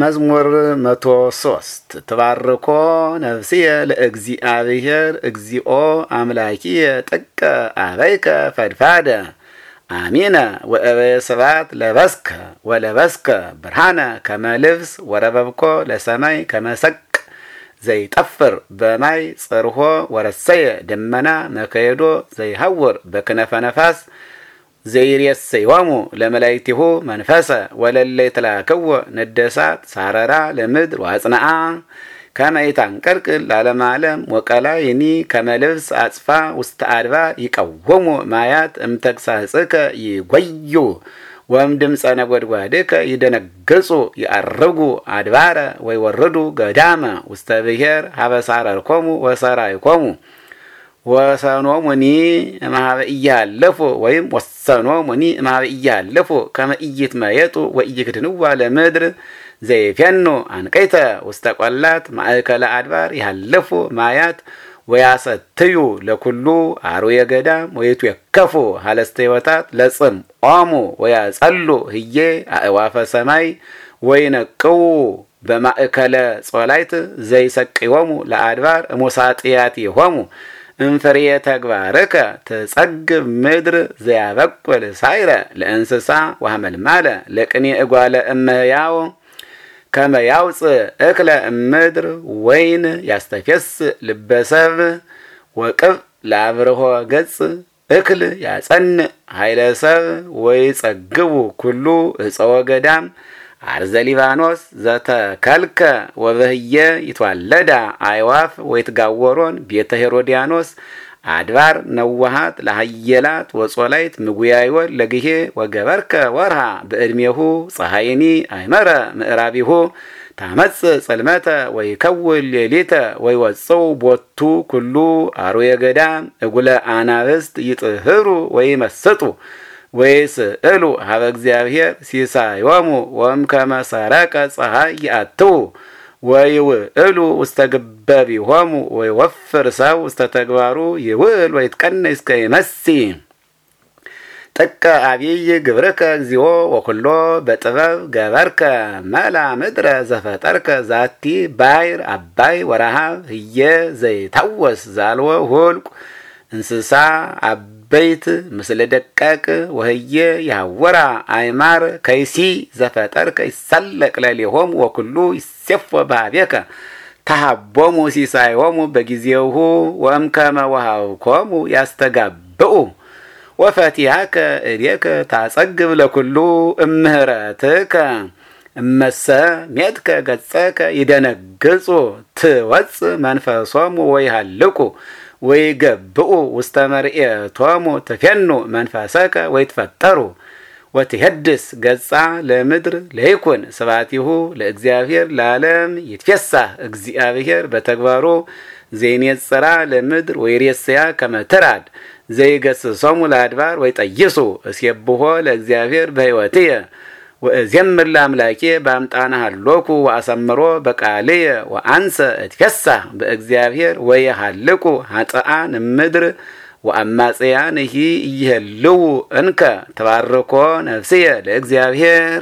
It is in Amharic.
መዝሙር መቶ ሶስት ትባርኮ ነፍስየ ለእግዚአብሔር እግዚኦ አምላኪየ ጥቀ አበይከ ፈድፋደ አሚነ ወእበየ ስባት ለበስከ ወለበስከ ብርሃነ ከመልብስ ወረበብኮ ለሰማይ ከመሰቅ ዘይጠፍር በማይ ጽርሖ ወረሰየ ደመና መከየዶ ዘይሐውር በክነፈ ነፋስ ዘይሬሰይሆሙ ለመላይቲሁ መንፈሰ ወለለ የተላከዎ ነደሳት ሳረራ ለምድር ዋጽናአ ከመይታን ቀልቅል ላለማ ዓለም ወቀላይኒ ከመልብስ አጽፋ ውስተ አድባር ይቀወሙ ማያት እምተግሳጽከ ይጎዩ ወም ድምፀ ነጎድጓድከ ይደነግጹ ይአርጉ አድባረ ወይወርዱ ገዳመ ውስተ ብሔር ሀበሳረርኮሙ ወሰራይኮሙ ወሰኖሙኒ እምኀበ ኢያሃልፉ ወይም ወሰኖሙኒ እምኀበ ኢያሃልፉ ከመ ኢይትመየጡ ወኢይክድንዋ ለምድር ዘይፌኑ አንቀይተ ውስተ ቈላት ማእከለ አድባር ይሃልፉ ማያት ወያሰትዩ ለኩሉ አርዌ ገዳም ወይትዌከፉ ሀለስተ ሕይወታት ለጽምዖሙ ወያጸሉ ህዬ አእዋፈ ሰማይ ወይነቅዉ በማእከለ ጾላይት ዘይሰቅዮሙ ለአድባር እሙሳጢያቲሆሙ እንፍሬ ተግባርከ ትጸግብ ምድር ዘያበቁል ሳይረ ለእንስሳ ወሐመልማለ ለቅኔ እጓለ እመያው ከመ እክለ እምድር ወይን ያስተፌስ ልበሰብ ወቅብ ለአብርሆ ገጽ እክል ያጸንእ ኃይለ ሰብ ጸግቡ ኩሉ እፀወ ገዳም አርዘ ሊባኖስ ዘተከልከ ወበህየ ይትዋለዳ አይዋፍ ወይትጋወሮን ቤተ ሄሮዲያኖስ አድባር ነዋሃት ለሀየላት ወጾላይት ምጉያይወል ለግሄ ወገበርከ ወርሃ በእድሜሁ ፀሐይኒ አይመረ ምዕራቢሁ ታመጽእ ጽልመተ ወይከውል ሌሊተ ወይወጽው ቦቱ ኩሉ አርዌ እጉለ አናብስት ይጥህሩ ወይመስጡ ወይስ እሉ ሀበ እግዚአብሔር ሲሳዮሙ ወእምከመ ሰረቀ ፀሐይ ይአትዉ ወይውእሉ ውስተ ወይ ወፍር ሰው ውስተ ተግባሩ ይውል ይውዕል ወይትቀንስ ይመሲ ጥቀ አብይ ግብርከ እግዚኦ ወኩሎ በጥበብ ገበርከ መላ ምድረ ዘፈጠርከ ዛቲ ባይር አባይ ወረሃብ ህየ ዘይታወስ ዛልወ ሁልቁ እንስሳ አበይት ምስለ ደቀቅ ወህየ ያወራ አይማር ከይሲ ዘፈጠርከ ይሳለቅ ለሌሆሙ ወኩሉ ይሴፎ ባህቤከ ተሃቦሙ ሲሳይሆሙ በጊዜሁ ወእምከመ ወሃብኮሙ ያስተጋብኡ ወፈቲሃከ እዴከ ታጸግብ ለኩሉ እምህረትከ እመሰ ሜትከ ገጸከ ይደነግጹ ትወፅ መንፈሶሙ ወይሃልቁ ወይገብኡ ውስተ መርኤቶሙ ትፌኑ መንፈሰከ ወይትፈጠሩ ወትሄድስ ገጻ ለምድር ለይኩን ስብሐቲሁ ለእግዚአብሔር ለዓለም ይትፌሳህ እግዚአብሔር በተግባሩ ዘይኔጽራ ለምድር ወይሬስያ ከመትራድ ዘይገስሶሙ ለአድባር ወይጠይሱ እስየብሖ ለእግዚአብሔር በሕይወትየ ወእዜምር ለአምላኬ በአምጣነ ሀሎኩ ወአሰምሮ በቃልየ ወአንሰ እትፌሳህ በእግዚአብሔር ወየሃልኩ ኃጥኣን እምድር ወአማጽያን ይእልው እንከ ተባርኮ ነፍስየ ለእግዚአብሔር